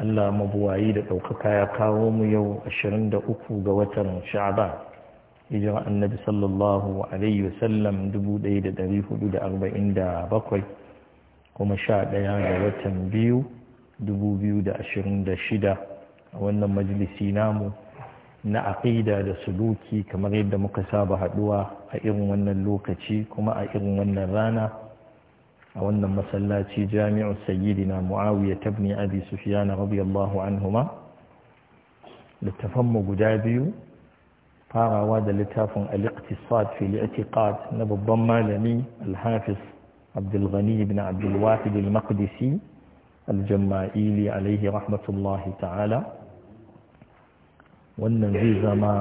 Allah mabuwayi da ɗaukaka ya kawo mu yau 23 ga watan sha'ban hijira annabi sallallahu alaihi wasallam 1447 kuma 11 ga watan biyu 2026 a wannan majalisi namu na aƙida da suluki kamar yadda muka saba haɗuwa a irin wannan lokaci kuma a irin wannan rana أولنا مسلاتي جامع سيدنا معاوية بن أبي سفيان رضي الله عنهما لتفهم قدابي فارا واد لتافن الاقتصاد في الاعتقاد نبض لني الحافظ عبد الغني بن عبد الواحد المقدسي الجمائيلي عليه رحمة الله تعالى والنبي زما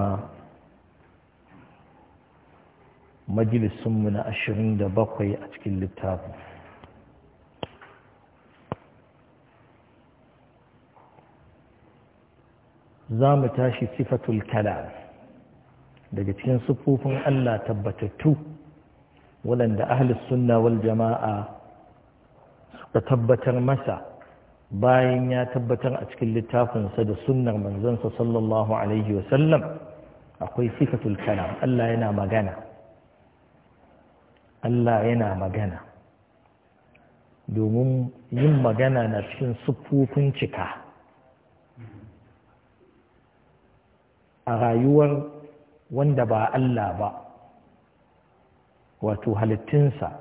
مجلس من أشرين دبقي أتكل للتافن za mu tashi sifatul kalam daga cikin siffofin Allah tabbatattu waɗanda ahlus sunna wal jama'a suka tabbatar masa bayan ya tabbatar a cikin littafinsa da sunnar manzansa sallallahu alaihi wasallam akwai sifatul kalam Allah yana magana Allah yana magana domin yin magana na cikin siffofin cika a rayuwar wanda ba Allah ba wato halittinsa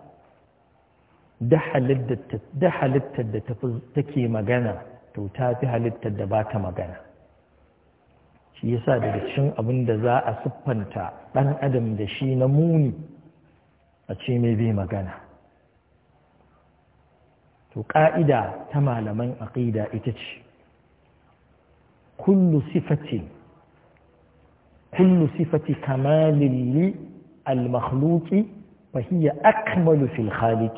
da halittar da take magana to ta fi halittar da ba ta magana shi yasa daga cikin abin da za a siffanta ɗan adam da shi na muni a ce mai bai magana to ƙa'ida ta malaman aƙida ita ce kullu sifatin كل صفة كمال للمخلوق فهي أكمل في الخالق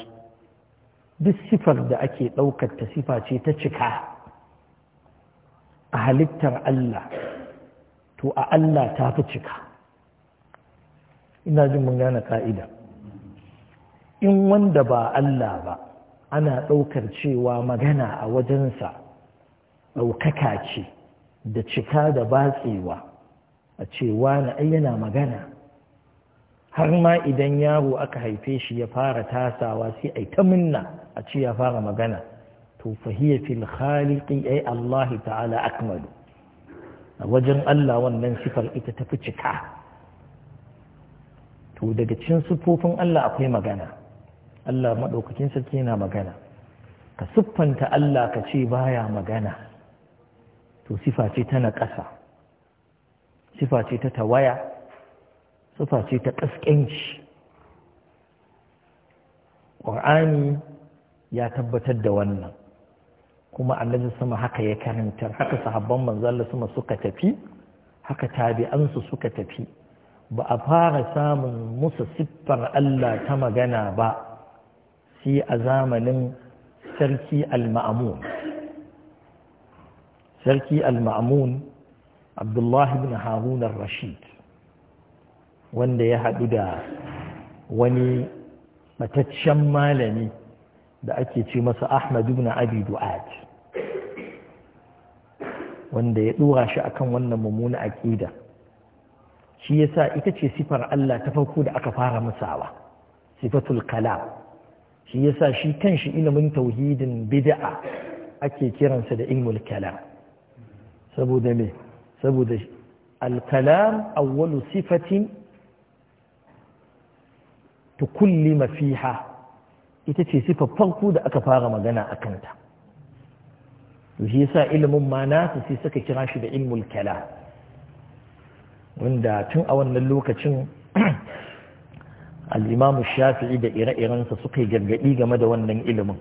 duk sifar da ake ɗaukar ta sifa ce ta cika a halittar Allah to a Allah ta fi cika ina jin mun gane ka'ida in wanda ba Allah ba ana ɗaukar cewa magana a wajensa ɗaukaka ce da cika da batsewa a ce wani ai yana magana har ma idan yaro aka haife shi ya fara tasawa sai ai ta minna a ce ya fara magana to fahiyya fil khaliqi ai Allah ta'ala akmalu a wajen Allah wannan sifar ita tafi cika to daga cikin siffofin Allah akwai magana Allah maɗaukakin sarki yana magana ka siffanta Allah ka ce baya magana to sifa ce tana ƙasa sifa ce ta tawaya sifa ce ta ƙasƙanci ƙur'ani ya tabbatar da wannan kuma annabi sama haka ya karantar haka sahabban manzalla sama suka tafi haka tabi'ansu suka tafi ba a fara samun musu siffar Allah ta magana ba sai a zamanin sarki al-ma'amun sarki al-ma'amun abdullahi bin Harunar rashid wanda ya haɗu da wani mataccen malami da ake ce masa ahmad ibn abi du'ad wanda ya ɗora shi akan wannan mummuna aƙida shi yasa ita ce sifar Allah ta farko da aka fara musawa sifatul kalam shi yasa shi kanshi ilimin tauhidin bid'a ake kiransa da ilmul kalam saboda me saboda alkalam awwalu sifatin tukulli mafiha ita ce sifar farko da aka fara magana a kanta to shi yasa ilimin mana su sai suka kira shi da ilmul kala wanda tun a wannan lokacin al'imamu shafi'i da ire-irensa suka yi gargaɗi game da wannan ilimin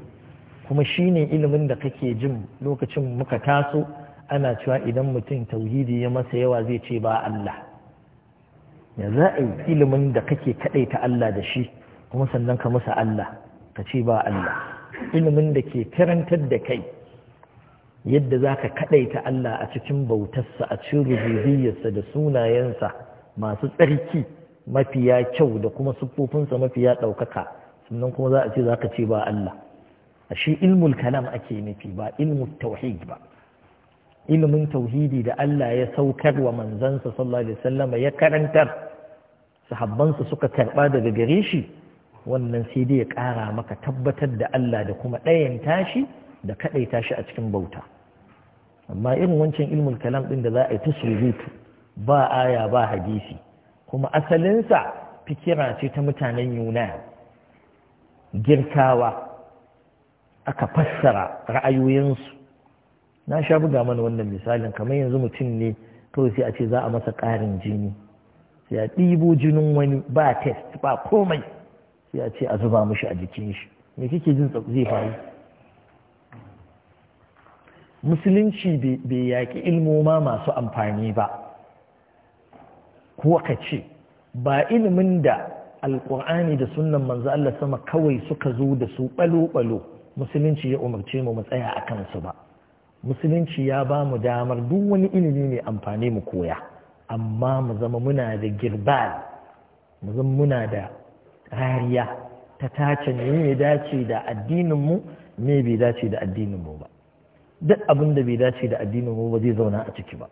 kuma shine ilimin da kake jin lokacin muka taso ana cewa idan mutum tauhidi ya masa yawa zai ce ba Allah ya za a yi ilimin da kake kaɗai ta Allah da shi kuma sannan ka masa Allah ka ce ba Allah ilimin da ke karantar da kai yadda za ka kaɗai ta Allah a cikin bautarsa a cikin rububiyarsa da sunayensa masu tsarki mafiya kyau da kuma siffofinsa mafiya ɗaukaka sannan kuma za a ce za ka ce ba Allah a shi ilmul kalam ake nufi ba ilmul tauhid ba ilimin tauhidi da Allah ya saukar wa manzansa sallallahu alaihi wasallam ya karantar sahabbansa suka karba daga gare shi wannan sai dai ya ƙara maka tabbatar da Allah da kuma ɗayan tashi da kaɗai tashi a cikin bauta amma irin wancan ilmul kalam ɗin da za a yi ta ba aya ba hadisi kuma asalinsa fikira ce ta mutanen yunan girkawa aka fassara ra'ayoyinsu na sha buga mana wannan misalin kamar yanzu mutum ne kawai sai a ce za a masa ƙarin jini sai a ɗibo jinin wani ba test ba komai sai a ce a zuba mushi a jikin shi me kike jin zai faru musulunci bai yaƙi ilmoma masu amfani ba kuwa ka ce ba ilimin da alƙur'ani da sunan manzo Allah sama kawai suka zo da su ɓalo-ɓalo musulunci ya umarce mu mu tsaya a kansu ba musulunci ya ba mu damar duk wani ilimi mai amfani mu koya amma mu zama muna da girbal mu zama muna da rariya ta tace ne ya dace da addininmu me bai dace da addininmu ba duk abin da bai dace da addininmu ba zai zauna a ciki ba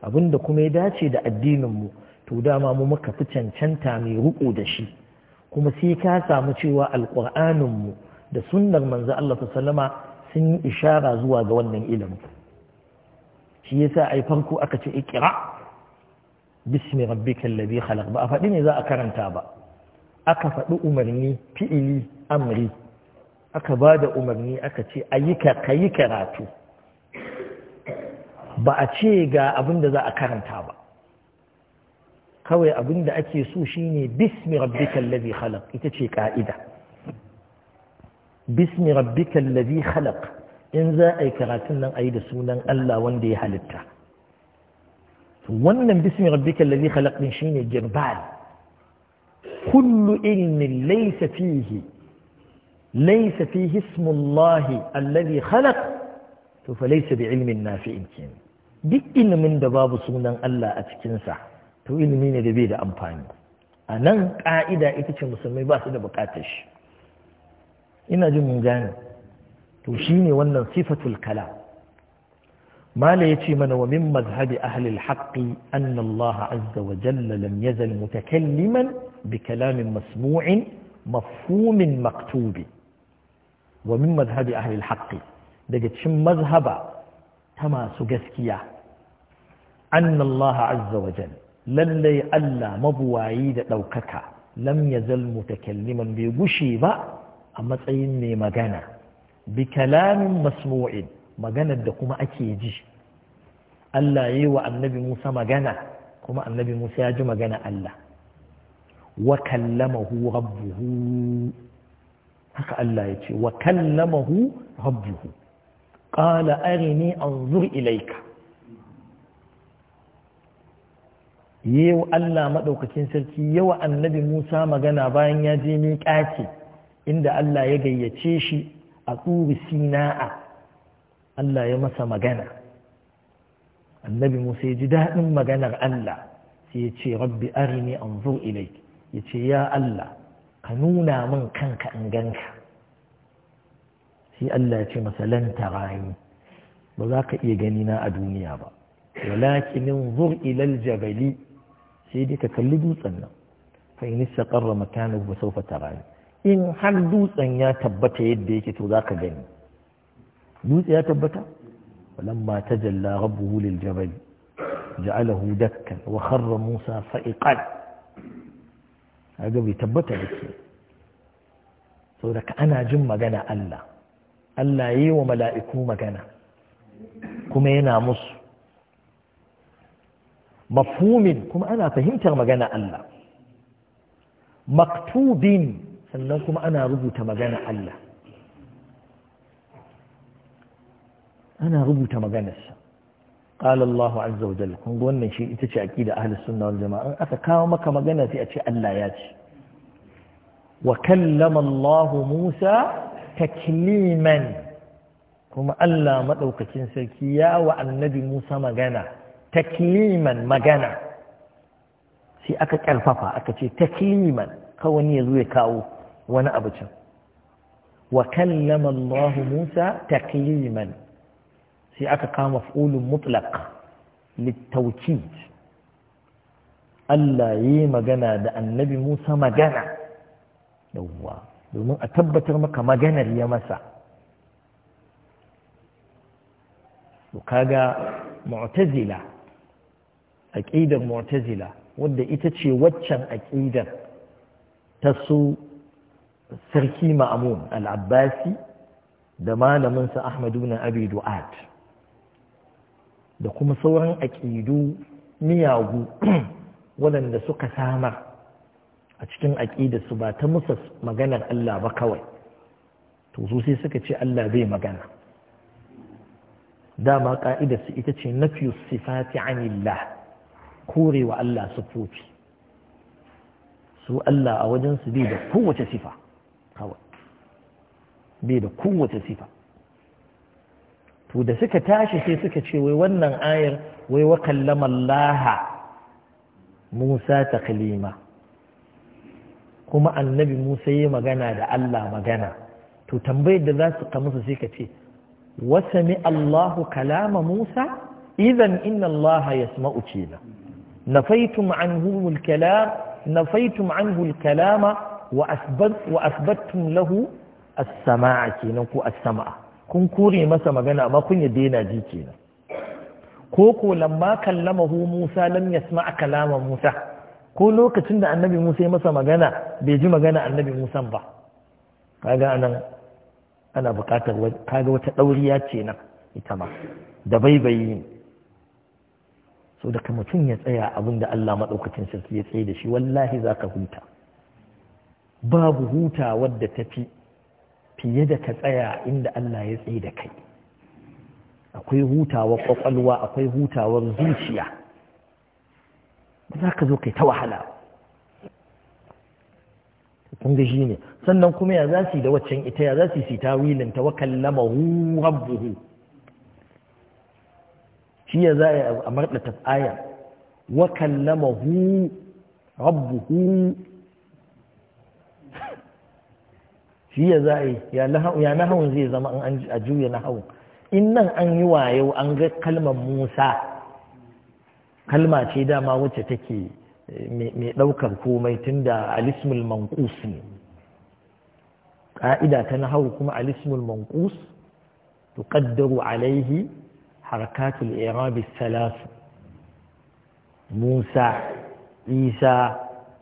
abin da kuma ya dace da addinin mu, to dama mu muka fi cancanta mai ruko da shi kuma sai ka samu cewa alƙur'aninmu da sunnar manzo Allah sallama sun yi ishara zuwa ga wannan ilimin shi yasa ai farko aka ce ikira bismi rabbikal ladhi khalaq ba a faɗi ne za a karanta ba aka faɗi umarni fi'ili amri aka ba da umarni aka ce ayyuka kayi karatu ba a ce ga abin da za a karanta ba kawai abin da ake so shine bismi rabbikal ladhi khalaq ita ce ka'ida bismi rabbika allazi khalaq in za a yi karatun nan a yi da sunan Allah wanda ya halitta wannan bismi rabbika allazi khalaq din shine jirbal kullu ilmin laysa fihi laysa fihi ismullahi allazi khalaq to fa laysa bi ilmin nafi'in kin duk ilimin da babu sunan Allah a cikin sa to ilimi ne da bai da amfani a nan ƙa'ida ita ce musulmai ba su da buƙatar shi ina jin mun gane to shine wannan sifatul kalam mala yace mana wa min mazhabi ahli al-haqqi anna Allah azza wa jalla lam yazal mutakalliman bi kalamin masmu'in mafhumin maktubi wa min mazhabi ahli al daga cikin mazhaba ta masu gaskiya anna Allah azza wa jalla lallai Allah mabuwayi da ɗaukaka lam yazal mutakalliman bai gushi ba a matsayin mai magana bi kalamin masmu'in maganar da kuma ake ji Allah ya yi wa annabi Musa magana kuma annabi Musa ya ji magana Allah wa kallamahu rabbuhu haka Allah ya ce wa kallamahu rabbuhu qala arini anzur ilayka yau Allah madaukakin sarki yawa annabi Musa magana bayan ya je miƙati inda Allah ya gayyace shi a tsuri sina'a Allah ya masa magana annabi Musa ya ji daɗin maganar Allah sai ya ce rabbi arini anzur ilai ya ce ya Allah ka nuna min kanka in ganka sai Allah ya ce masa lan tarani ba za ka iya gani na a duniya ba walakin anzur ilal aljabali sai dai ka kalli dutsen nan fa in istaqarra makanahu fa sawfa tarani in har dutsen ya tabbata yadda yake to za ka gani dutse ya tabbata ta jalla rabbuhu lil jabal ja'alahu dakkan wa kharra musa fa'iqan kaga bai tabbata da ke saboda ana jin magana Allah Allah yi wa mala'iku magana kuma yana musu mafhumin kuma ana fahimtar magana Allah maktubin sannan kuma ana rubuta magana Allah ana rubuta maganarsa قال الله عز وجل kun wannan shi ita ce aqida ahlus sunna wal jamaa aka kawo maka magana sai a ce Allah ya ce wa kallama Allah Musa takliman kuma Allah madaukakin sarki ya wa annabi Musa magana takliman magana sai aka karfafa aka ce takliman kawai ya zo ya kawo wani abu wa kallama Allah Musa takliman sai aka kama fulun mutlaq littaukid Allah yi magana da annabi Musa magana yawwa domin a tabbatar maka maganar ya masa to kaga mu'tazila aqidar mu'tazila wadda ita ce waccan aqidar ta su sarki ma'amun al-abbasi da malaminsa ahmadu na abi du'ad da kuma sauran aƙidu miyagu waɗanda suka samar a cikin su ba ta musa maganar Allah ba kawai to su sai suka ce Allah bai magana dama ƙa'idarsu ita ce Nafi sifati anillah korewa Allah sufofi su Allah a wajensu bai da kowace sifa bai da kowace sifa to da suka tashi sai suka ce wai wannan ayar wai wa kallama Allah Musa taklima kuma annabi Musa yi magana da Allah magana to tambayar da za su musu sai ka ce wa Allahu kalama Musa idan inna Allah yasma'u kina na anhu nafaitum anhu kalama wa wa asbattum lahu as-sama'a kenan ko as-sama'a kun kure masa magana amma kun yi dena ji kenan ko ko lamma kallamahu Musa lam yasma'a kalama Musa ko lokacin da annabi Musa ya masa magana bai ji magana annabi Musa ba kaga anan ana buƙatar kaga wata dauriya kenan nan ita ma da baibayi ne so mutum ya tsaya abin da Allah maɗaukacin sarki ya tsaye da shi wallahi za ka huta babu huta wadda ta fi fiye da ka tsaya inda Allah ya tsaye da kai akwai hutawar kwakwalwa akwai hutawar zuciya za ka zo kai ta wahala kun ga shi ne sannan kuma ya za su yi da waccan ita ya za su yi ta wilin ta wakallama hu rabbuhu shi ya za a marɗa ta aya wakallama hu rabbuhu jiya za a yi ya nahawun zai zama an a juya nahawun in nan an yi wayo an ga kalmar musa kalma ce dama wacce take eh, mai ɗaukar komai tun da alismul manqus ne ƙa'ida ta nahawu kuma alismul manqus tuqaddaru alaihi harkatul i'rab Salasu. musa isa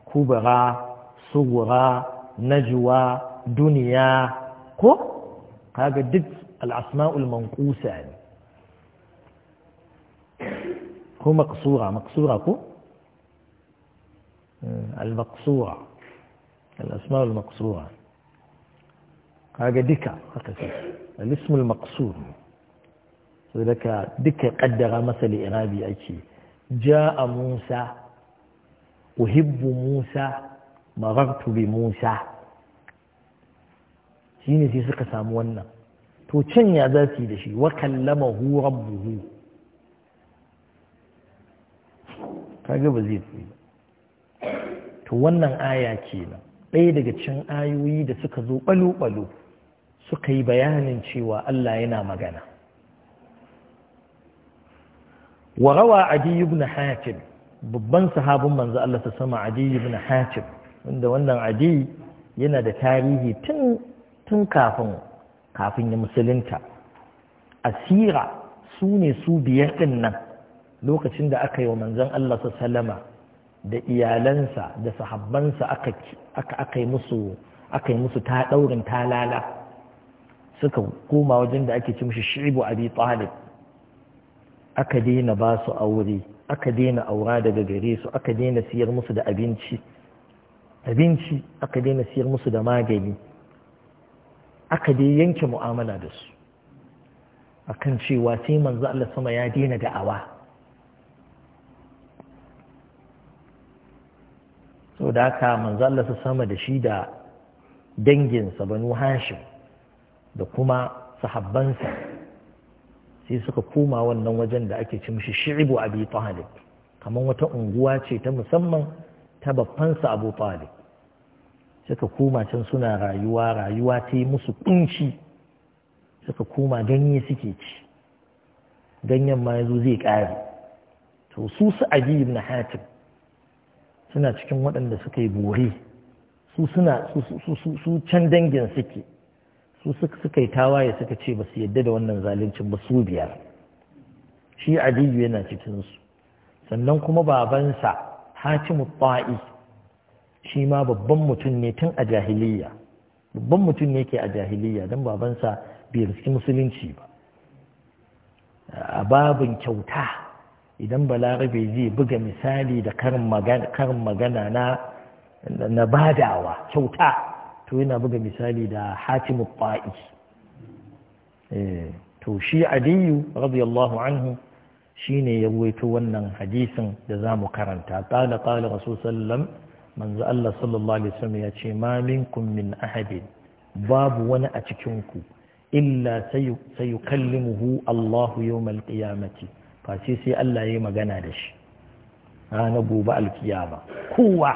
kubra Sugura, najuwa دنيا كو هذا دد الأسماء المنقوصة يعني كو مقصورة مقصورة كو اه، المقصورة الأسماء المقصورة هذا ديكا الاسم المقصور ذلك ديكا قدر مثل إرابي أشي جاء موسى أحب موسى مررت بموسى shi ne sai suka samu wannan to can ya za su yi da shi wa kallama hu rabbuhu kaga ba zai tsaye to wannan aya kenan ɗaya daga cikin ayoyi da suka zo ɓalo-ɓalo suka yi bayanin cewa Allah yana magana wa rawa adi ibn hatim babban sahabin manzo Allah ta sama adi ibn hatim wanda wannan adi yana da tarihi tun tun kafin kafin ya musulunta asira su ne su biyar ɗin nan lokacin da aka yi wa manzon Allah sallama da iyalansa da sahabbansa aka yi musu aka yi musu ta daurin talala suka koma wajen da ake ci mishi shibu abi talib aka daina ba su aure aka daina aura daga gare su aka daina siyar musu da abinci abinci aka daina siyar musu da magani aka dai yanke mu'amala da su a kan cewa sai manzo Allah sama ya daina da'awa so da haka manzo Allah sama da shi da danginsa banu hashim da kuma sahabbansa sai suka koma wannan wajen da ake ci mishi shi'ibu abi talib kamar wata unguwa ce ta musamman ta baffansa abu talib suka koma can suna rayuwa rayuwa ta yi musu kunci suka koma ganye suke ci ganyen ma yazo zai ƙare to su su abi ibn hatim suna cikin waɗanda suka yi bore su suna su can dangin suke su suka yi tawaye suka ce ba su yadda da wannan zaluncin ba su biyar shi adiyu yana cikinsu sannan kuma babansa hatimu ta'i shi ma babban mutum ne tun a jahiliya babban mutum ne ke a jahiliya don babansa bai riski musulunci ba a babin kyauta idan balarabe zai buga misali da karin magana na na badawa kyauta to yana buga misali da hatimu ba'i eh, to shi aliyu radiyallahu anhu shine ya wannan hadisin da za mu karanta qala qala rasul sallallahu manzo Allah sallallahu alaihi wasallam ya ce ma minkum min ahadin babu wani a cikin ku illa sayukallimuhu Allahu yawmal qiyamati fa sai sai Allah yayi magana da shi ranar gobe alkiyama kowa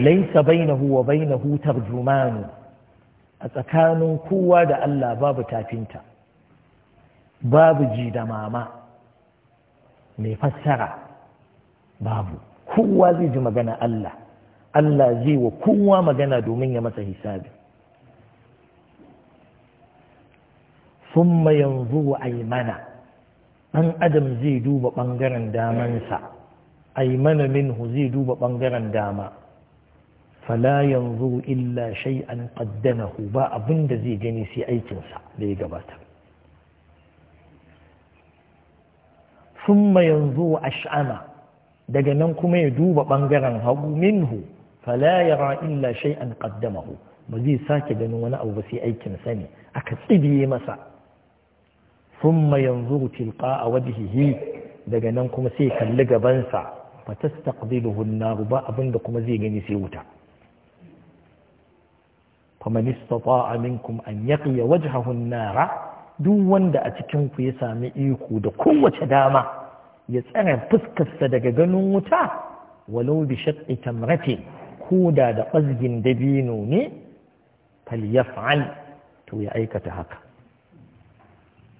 laisa bainahu wa bainahu tarjumanu a tsakanin kowa da Allah babu tafinta babu ji mama mai fassara babu kowa zai ji magana Allah Allah zai wa kowa magana domin ya masa hisabi summa yanzu ai mana ɗan adam zai duba ɓangaren damansa mana minhu zai duba ɓangaren dama fala yanzu illa shay'an qaddamahu ba abinda zai gani sai aikinsa da ya gabata summa yanzu wa ash'ama daga nan kuma ya duba ɓangaren hagu minhu fala yara illa an qaddamahu ba zai sake ganin wani abu ba sai aikin sa ne aka tsibiye masa yanzu yanzuru a wajhihi daga nan kuma sai kalli gabansa ba ta an-nar ba abinda kuma zai gani sai wuta faman istata'a minkum an yaqiya wajhahu an duk wanda a cikin ku ya sami iko da kowace dama ya tsare fuskarsa daga ganin wuta walau bi shaqqi tamratin koda da ɓazgin dabino ne falyaf'al to ya aikata haka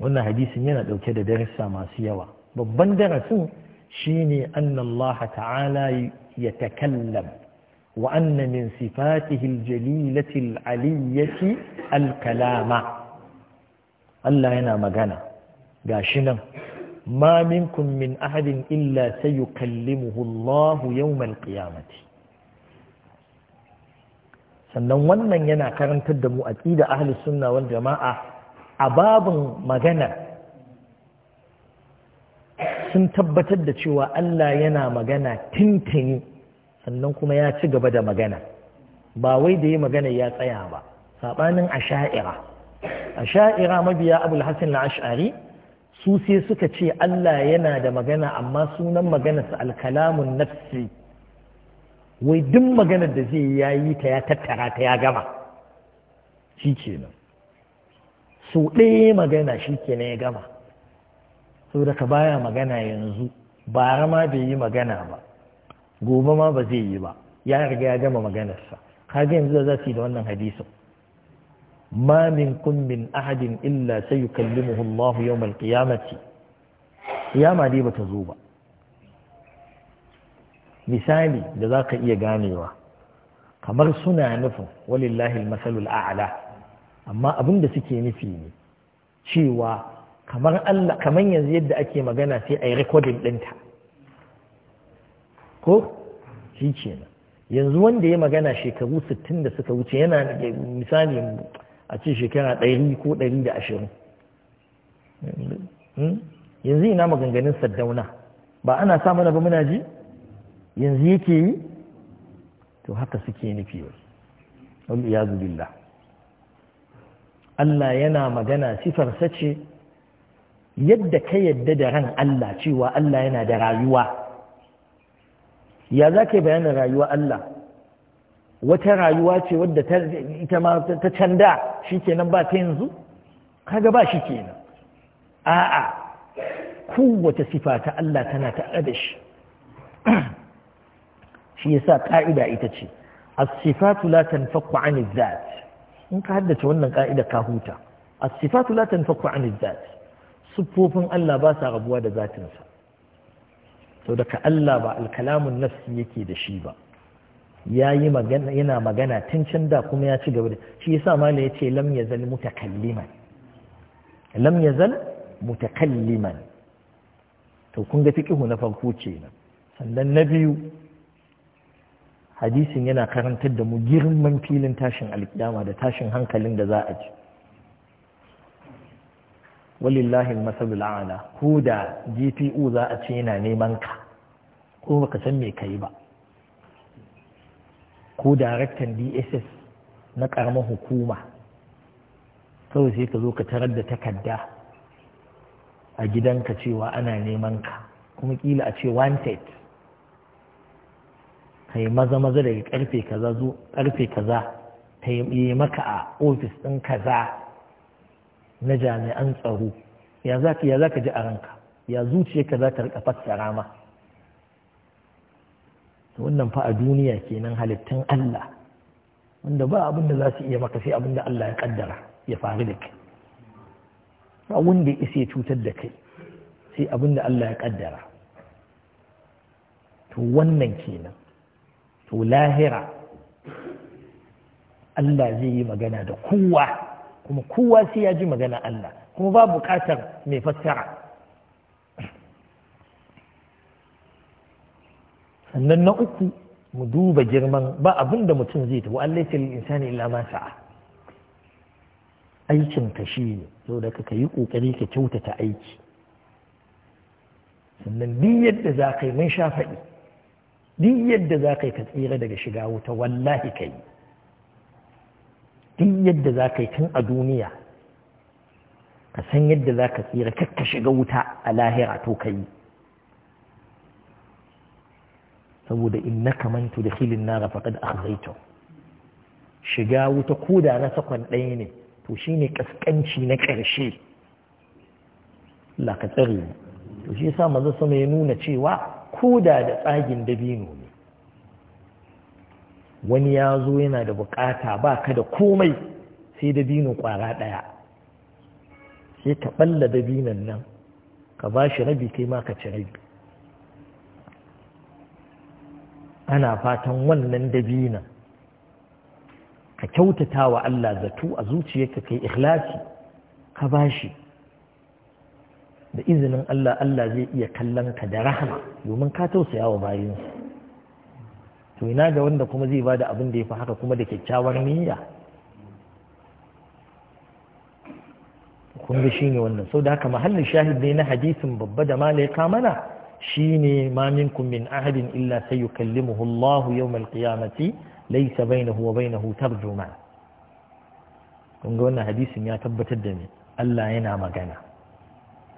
wannan hadisin yana ɗauke da darussa masu yawa babban darasin shine annallaha ta'ala ya takallam wa anna min sifatihi aljalilati aliyyati alkalama Allah yana magana gashi nan ma minkum min ahadin illa sayukallimuhu Allah yawmal qiyamati sannan wannan yana karantar da mu da ahli sunna wal jama'a a babin magana sun tabbatar da cewa Allah yana magana tintini sannan kuma ya ci gaba da magana ba wai da yi magana ya tsaya ba saɓanin asha'ira asha'ira mabiya abul hasan al-ash'ari su sai suka ce Allah yana da magana amma sunan maganarsa alkalamun nafsi wai duk maganar da zai ya yi ta ya tattara ta ya gama shi nan su ɗaya magana shi kenan ya gama da ka baya magana yanzu bara ma bai yi magana ba gobe ma ba zai yi ba ya riga ya gama maganarsa kaga yanzu da za su yi da wannan hadisin Mamin minkum ahadin illa sayukallimuhu Allah yawmal qiyamati kiyama dai bata zo ba misali da zaka iya ganewa kamar suna nufin walillahi almasalul a'la amma abin da suke nufi ne cewa kamar Allah kamar yanzu yadda ake magana sai a yi rikodin ɗinta ko shi kenan yanzu wanda ya magana shekaru 60 da suka wuce yana misali a ce shekara ɗari ko ɗari da ashirin hmm? yanzu ina maganganun saddauna ba ana sa mana ba muna ji yanzu yake yi to haka suke nufi wani ya billah Allah yana magana sifarsa sace yadda ka yadda da ran Allah cewa Allah yana da rayuwa ya za ka yi bayanin rayuwa Allah wata rayuwa ce wadda ita ma ta canda shikenan ba ta yanzu kaga ba shikenan a'a kowace sifa ta Allah tana tare da shi shi yasa ka'ida ita ce as-sifatu la tanfaqu 'an adh-dhat in ka haddace wannan ka'ida ka huta as-sifatu la tanfaqu 'an adh-dhat sifofin Allah ba sa rabuwa da zatinsa to daga Allah ba al-kalamun nafsi yake da shi ba ya yi magana yana magana tun can da kuma ya ci gaba da shi yasa mala ya ce lam yazal mutakalliman lam yazal mutakalliman to kun ga fiqhu na farko ce kenan sannan na biyu hadisin yana karantar da mu girman filin tashin alkiyama da tashin hankalin da za a ji walillahi masalul a'la ko da GPU za a ce yana neman ka ko baka san me kai ba ko daraktan dss na ƙaramar hukuma kawai sai ka zo ka tarar da takarda a gidanka cewa ana neman ka kuma kila a ce wanted ka yi maza maza daga karfe kaza zo karfe kaza ta yi maka a ofis ɗin kaza na jami'an tsaro ya za ka ji a ranka ya zuciya ka za ta rika fassara ma wannan fa a duniya kenan halittun Allah wanda ba abin da za su iya maka sai abin da Allah ya kaddara ya faru da kai ba wanda ya isa ya cutar da kai sai abin da Allah ya kaddara to wannan kenan to lahira Allah zai yi magana da kowa kuma kowa sai ya ji magana Allah kuma ba bukatar mai fassara sannan na uku mu duba girman ba abin da mutum zai tabu Allah ya insani illa ma sa'a aikin ka shi ne saboda ka yi kokari ka kyautata aiki sannan duk yadda za ka yi mun shafaɗi. duk yadda za ka yi ka tsira daga shiga wuta wallahi ka yi duk yadda za ka yi tun a duniya ka san yadda za ka tsira kakka shiga wuta a lahira to ka yi saboda in innaka man tudkhilin nar faqad akhzaytu shiga wuta koda na sakon ɗaya ne to shi ne ƙasƙanci na ƙarshe lakatsari ne to shi sa maza sama ya nuna cewa koda da tsagin dabino ne wani ya zo yana da bukata ba ka da komai sai dabino kwara ɗaya sai ka ɓalla dabinon nan ka ba shi rabi kai ma ka ci rabi ana fatan wannan dabina ka kyautata wa Allah zato a zuciyarka kai ikhlasi ka bashi da izinin Allah Allah zai iya kallon ka da rahama domin ka tausaya wa bayinsa to ina ga wanda kuma zai bada abin da ya fi haka kuma da kyakkyawar niyya kun ga shine wannan sau da haka mahallin shahid ne na hadisin babba da mala ya kamana ne mamin ku min ahadin illa sayukallimuhu Allah yawm al-qiyamati laysa bainahu wa bainahu tarjuma kun ga wannan hadisin ya tabbatar da ni Allah yana magana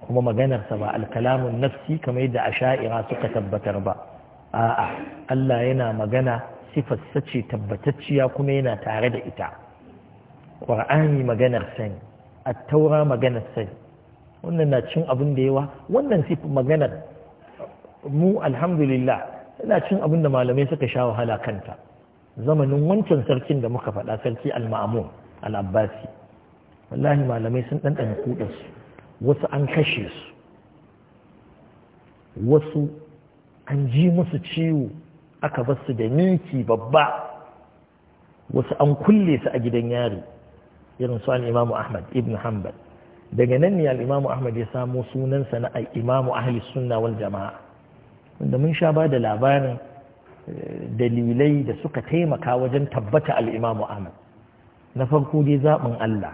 kuma maganarsa ba alkalamun nafsi kamar yadda asha'ira suka tabbatar ba a'a Allah yana magana sifarsa ce tabbatacciya kuma yana tare da ita ƙwar'ani maganar sani taura maganar sani wannan na cin abin da yawa wannan sifar maganar mu alhamdulillah ina cin abin da malamai suka sha wahala kanta zamanin wancan sarkin da muka faɗa sarki al-ma'amun al-abbasi wallahi malamai sun ɗanɗana kuɗinsu wasu an kashe su wasu an ji musu ciwo aka bar su da miki babba wasu an kulle su a gidan yari irin su al-imamu ahmad ibn hanbal daga nan ne al-imamu ahmad ya samo sunansa na al-imamu ahli sunna wal jama'a wanda mun sha ba da labarin eh, dalilai da suka taimaka wajen tabbata al'imamu Ahmad na farko dai zaɓin Allah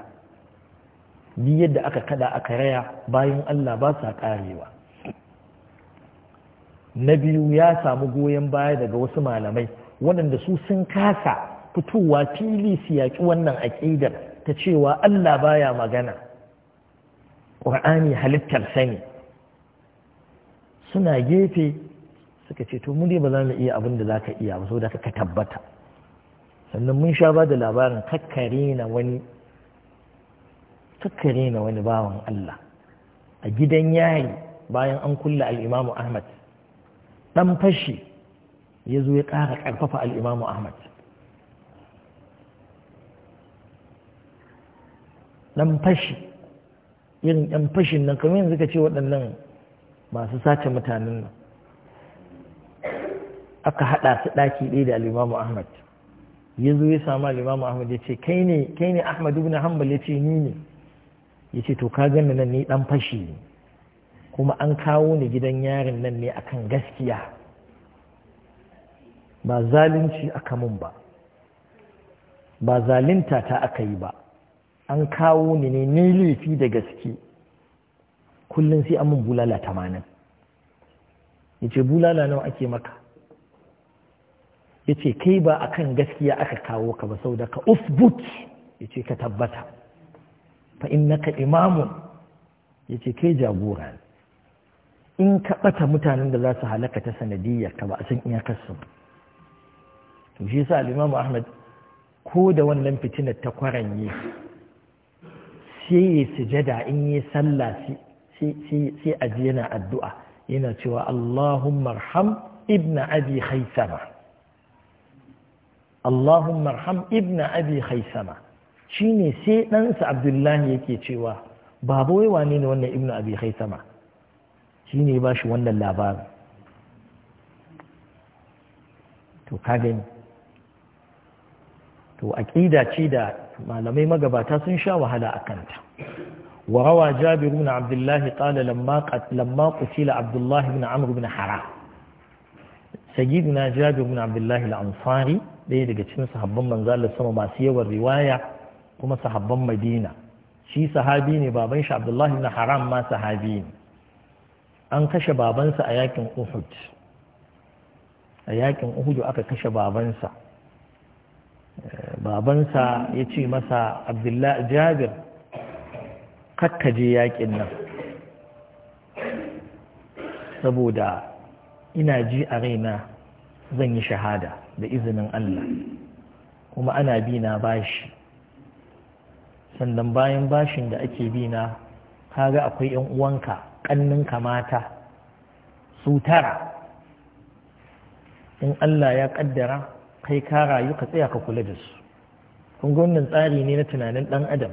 ni yadda aka kada aka raya bayan Allah ba sa ƙarewa na biyu ya samu goyon baya daga wasu malamai waɗanda su sun kasa fitowa fili su yaƙi wannan aƙidar ta cewa Allah baya magana ƙur'ani halittar sani suna gefe suka ce to mu ne ba za mu iya abin da za ka iya ba saboda ka tabbata sannan mun sha ba da labarin kakkare na wani kakkare na wani bawan Allah a gidan yayi bayan an kulla al-Imam Ahmad ɗan fashi ya zo ya ƙara ƙarfafa al-Imam Ahmad dan fashi irin ɗan fashin nan kamar yanzu ka ce waɗannan masu sace mutanen nan aka haɗa su ɗaki ɗaya da al'imamu ahmad ya zo ya samu al'imamu ahmad ya ce kai ne kai ne ahmad ibn hanbal ya ce ni ne ya ce to ka gani nan ni ɗan fashi ne kuma an kawo ni gidan yarin nan ne akan gaskiya ba zalunci aka mun ba ba zalunta ta aka yi ba an kawo ni ne ni laifi da gaske kullum sai an mun bulala tamanin ya ce bulala nawa ake maka ya ce kai ba a kan gaskiya aka kawo ka ba sau da ka usbut ya ce ka tabbata fa innaka imamun ya ce kai jagora in ka ɓata mutanen da za su halaka ta sanadiyyar ka ba a san iyakarsu ba to shi yasa al Ahmad ko da wannan fitinar ta yi sai ya sujada in yi sallah sai aji yana addu'a yana cewa Allahumma arham ibn abi haisama Allahumma arham ibn abi khaisama shine sai ɗansa abdullahi yake cewa baba wai wane ne wannan ibn abi khaisama shine ba shi labarin to ka gani to aƙida ce da malamai magabata sun sha wahala a kanta وروى جابر بن عبد الله قال لما قتل عبد الله بن عمرو بن حرام sayyidina jabir ibn Abdullahi al-ansari ɗaya daga cikin sahabban manzo da sama masu yawan riwaya kuma sahaban madina shi sahabi ne baban shi abdullah haram ma sahabi ne an kashe babansa a yakin uhud a yakin uhud aka kashe babansa eh, babansa ya ce masa abdullah ka kakkaje yakin nan saboda ina ji a raina zan yi shahada da izinin Allah kuma ana bina bashi sannan bayan bashin da ake bi na kaga akwai yan uwanka ƙanninka mata su tara in Allah ya kaddara kai ka rayu ka tsaya ka kula da su kun wannan tsari ne na tunanin dan adam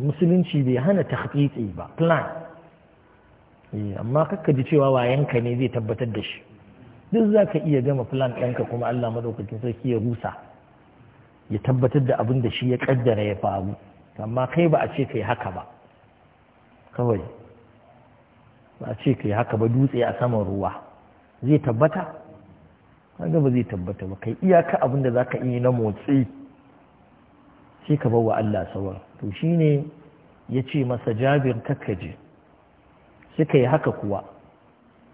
musulunci bai hana tahqiqi ba plan Eh, amma kakka ji cewa wayanka ne zai tabbatar da shi duk za ka iya gama filan ɗanka kuma Allah madaukakin sarki ya rusa ya tabbatar da abin da shi ya kaddara ya faru amma kai ba a ce kai haka ba kawai ba a ce kai haka ba dutse a saman ruwa zai tabbata kaga ba zai tabbata ba kai iyaka abin da zaka iya na motsi sai ka bawa Allah sawar to shine ya ce masa Jabir je suka yi haka kuwa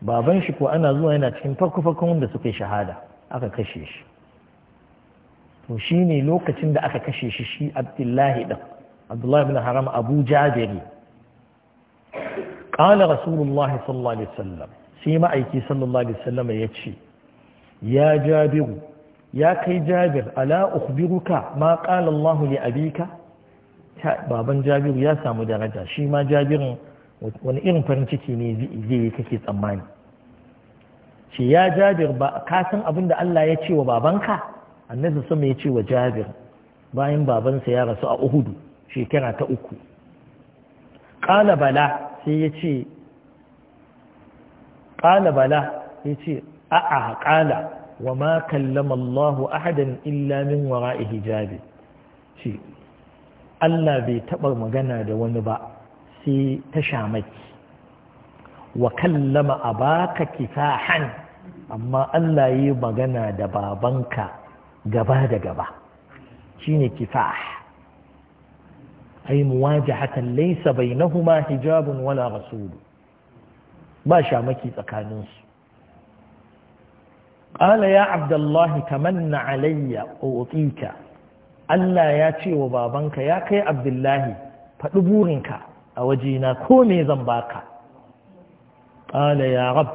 baban shi kuwa ana zuwa yana cikin farko-farkon wanda suka yi shahada aka kashe shi to shi ne lokacin da aka kashe shi shi abdullahi ɗan abdullahi bin haram abu jabiri ƙala rasulullah sallallahu alaihi wasallam sai ma'aiki sallallahu alaihi wasallam ya ce ya jabiru ya kai jabir ala ukhbiruka ma qala allah li abika baban jabiru ya samu daraja shi ma jabirin wani irin farin ciki ne zai yi kake tsammani ce ya jabir ba ka san abin da Allah ya ce wa babanka annabi sama ya ce wa jabir bayan babansa ya rasu a uhudu shekara ta uku ƙala bala sai ya ce ƙala bala ya ce a'a ƙala wa ma kallama Allahu ahadan illa min wara'i hijabi ce Allah bai taɓa magana da wani ba sai ta shamaki wa kallama baka kifahan amma Allah yi magana da babanka gaba da gaba shine kifah ai muwajahatan laysa bainahuma hijabun wala rasul ba shamaki tsakaninsu Ƙala ya Abdullahi الله تمن alayya أعطيك Allah ya ce wa babanka ya kai Abdullahi faɗi burinka a wajena ko me zan baka ƙala ya rab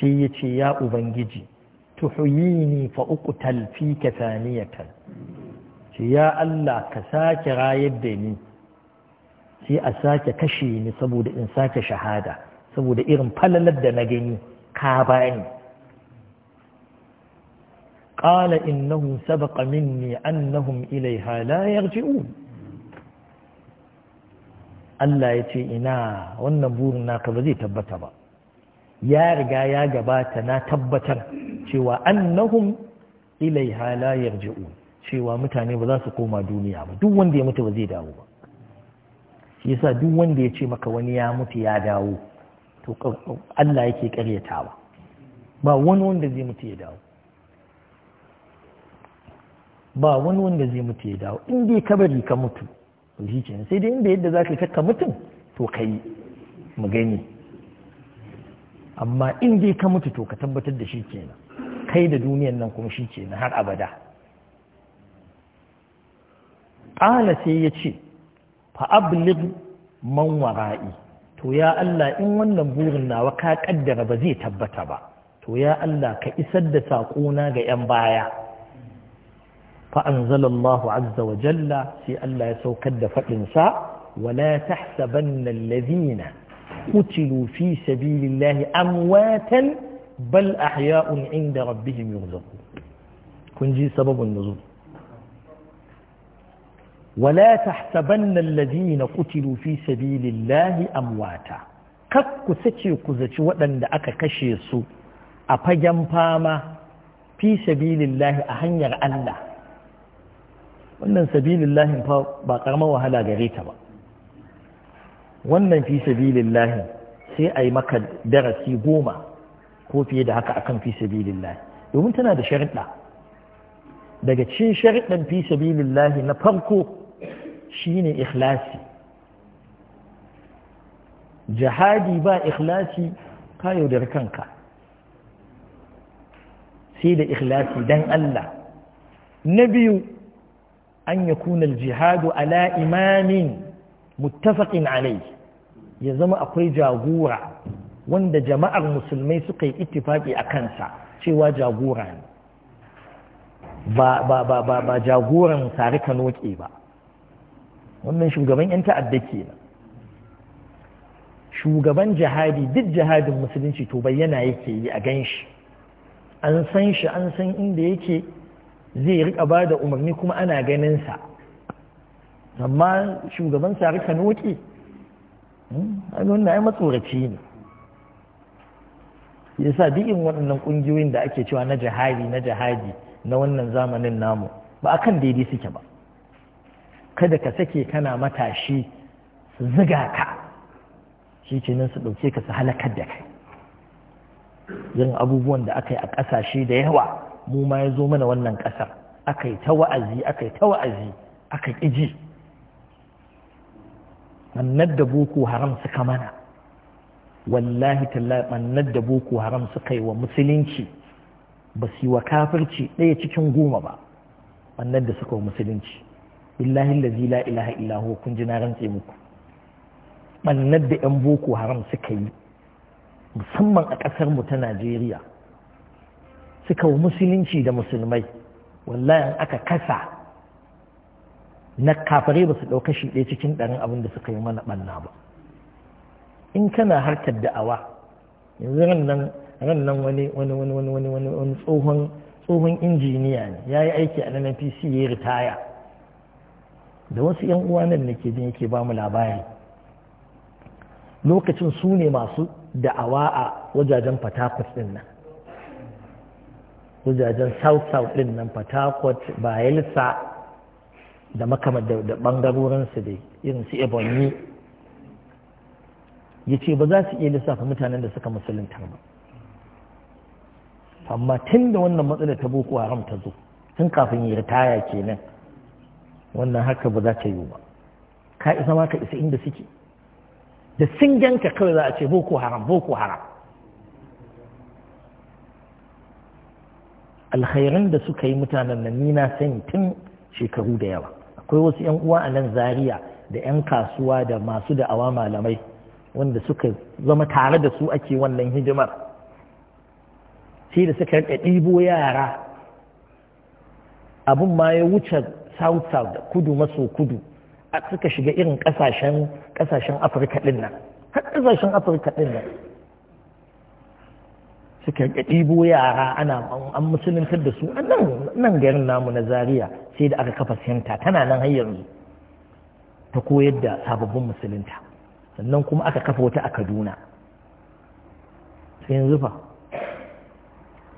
sai ya ce ya ubangiji tuhuyini fa uku talfi ka saniyatan ce ya Allah ka sake rayar da ni sai a sake kashe ni saboda in sake shahada saboda irin falalar da na gani ka bani قال إنه سبق مني أنهم إليها لا يرجعون Allah ya ce ina wannan burin naka ba zai tabbata ba ya riga ya gabata na tabbatar cewa annahum ilaiha la yarji'u cewa mutane ba za su koma duniya ba duk wanda ya mutu ba zai dawo ba shi yasa duk wanda ya ce maka wani ya mutu ya dawo to Allah yake karyatawa ba wani wanda zai mutu ya dawo ba wani wanda zai mutu ya dawo in dai kabari ka mutu to shi sai dai inda yadda za ka kakka mutum to ka yi mu gani amma in dai ka mutu to ka tabbatar da shi ke nan kai da duniyan nan kuma shi ke nan har abada ƙala sai ya ce fa'ablig man wara'i to ya Allah in wannan burin nawa ka kaddara ba zai tabbata ba to ya Allah ka isar da saƙona ga ‘yan baya’ فأنزل الله عز وجل في ألا يسوكد فإنساء ولا تحسبن الذين قتلوا في سبيل الله أمواتا بل أحياء عند ربهم يرزقون كنجي سبب النزول ولا تحسبن الذين قتلوا في سبيل الله أمواتا كك سكي كزكي ودن أكا كشيسو أفجم فاما في سبيل الله أهنير الله wannan sabilillahin fa ba karamar wahala gare ta ba wannan fi sabilillahin sai a yi maka darasi goma ko fiye da haka akan fi sabilillahi domin tana da sharɗa daga cikin sharɗan fi sabilillahi na farko shine ikhlasi jihadi ba ikhlasi ka yaudar kanka sai da ikhlasi dan Allah na biyu an ya kuna jihadu ala imamin muttafaqin alai, ya zama akwai jagora wanda jama'ar musulmai suka yi ittifaki a kansa cewa jagora ne ba ba ba ba ba jagoran sarika noke ba wannan shugaban yan ta'adda kenan shugaban jihadi duk jihadin musulunci to bayyana yake yi a ganshi an san shi an san inda yake zai rika ba da umarni kuma ana ganin sa amma shugaban sa rika noki hmm, an wannan ai matsoraci ne yasa duk irin waɗannan ƙungiyoyin da ake cewa na jihadi na jihadi na wannan zamanin namu ba a kan daidai suke ba kada ka sake kana matashi su ziga ka shi kenan su ɗauke ka su halakar da kai yin abubuwan da aka yi a ƙasashe da yawa mu ma ya zo mana wannan ƙasar aka yi ta wa'azi aka yi ta wa'azi aka ƙiji mannar da boko haram suka mana wallahi tallahi mannar da boko haram suka yi wa musulunci ba su yi wa kafirci ɗaya cikin goma ba mannar da suka wa musulunci billahi lazi la ilaha illahu kun ji na rantse muku mannar da 'yan boko haram suka yi musamman a ƙasar mu ta najeriya suka wa musulunci da musulmai wallahi aka kasa na kafare ba su ɗauka shi ɗaya cikin ɗarin abin da suka yi mana ɓanna ba in kana harkar da'awa yanzu ran nan wani wani wani wani wani wani wani tsohon tsohon injiniya ne ya yi aiki a nnpc ya yi ritaya da wasu yan uwa nan ke jin yake ba mu labari lokacin su ne masu da'awa a wajajen fatakus din nan wajajen south south ɗin nan Patakot bayelsa da makamar da bangarorinsu dai irin su ebonyi ya ce ba za su iya lissafa mutanen da suka musulunta ba amma tun da wannan matsalar ta boko haram ta zo tun kafin ya ritaya kenan wannan haka ba za ta yiwu ba ka isa ma ka isa inda suke da sun ganka kawai za a ce boko haram boko haram Alkhairun da suka yi mutanen nan ni na sani tun shekaru da yawa akwai wasu 'yan uwa a nan zaria da 'yan kasuwa da masu da awa malamai wanda suka zama tare da su ake wannan hidimar sai da suka rika ɗibo yara abin ma ya wuce south south kudu maso kudu suka shiga irin ƙasashen afirka ɗin nan har ƙasashen afirka ɗin nan suka rika ɗibo yara ana an musuluntar da su nan garin namu na Zariya sai da aka kafa siyanta tana nan har yanzu ta koyar da sababbin musulunta sannan kuma aka kafa wata a kaduna sai yanzu fa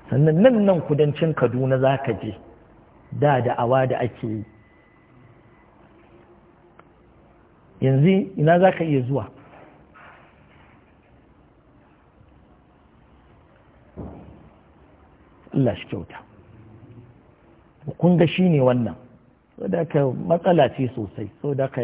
sannan nan nan kudancin kaduna za ka je da da awa da ake yi yanzu ina za ka iya zuwa Allah shi kyauta kun ga ne wannan saboda ka matsala ce sosai saboda ka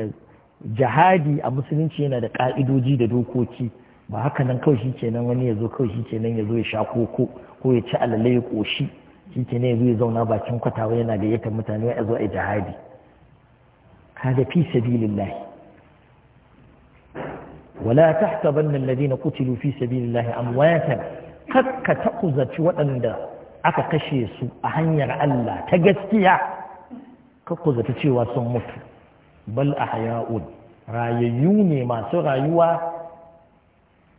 jihadi a musulunci yana da ka'idoji da dokoki ba haka nan kawai shi kenan wani ya zo kawai shi kenan ya zo ya sha koko ko ya ci alalai ya koshi shi kenan ya zo ya zauna bakin kwatawa yana gayyatar mutane ya zo a jihadi kaga fi sabilillah wala na alladhina qutilu fi sabilillah amwatan kakka takuzaci waɗanda aka kashe su a hanyar Allah ta gaskiya kakku zata cewa sun mutu bal a haya'un rayayyu ne masu rayuwa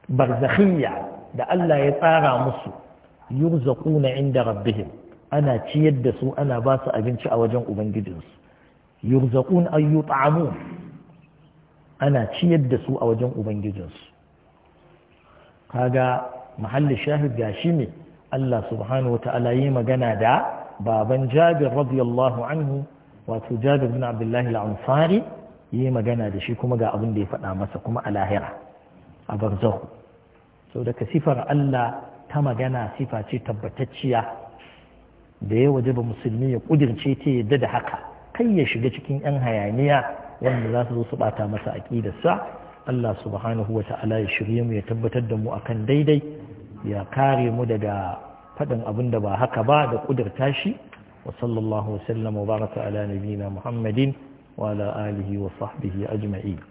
barzakhiyya da Allah ya tsara musu yurzaquna inda rabbihim ana ciyar da su ana ba su abinci a wajen ubangijinsu yurzaqun ay yut'amun ana ciyar da su a wajen ubangijinsu kaga mahallin shahid gashi ne Allah subhanahu ya yi magana da baban Jabir radiyallahu anhu wato Jabir bin abdullahi al-Ansari yi magana da shi kuma ga abin da ya faɗa masa kuma a lahira a barzahu sau daga sifar Allah ta magana sifa ce tabbatacciya da ya waje ba musulmi ya kudirce ta yadda da haka kai ya shiga cikin 'yan hayaniya wanda za su zo su bata masa aƙidarsa Allah subhanahu wa ta'ala ya shirye mu ya tabbatar da mu akan daidai ya kare mu daga faɗin abin da ba haka ba da ƙudurta shi wa sallallahu wasallam wa baraka ala nabiyina muhammadin wa ala alihi wa sahbihi ajma'in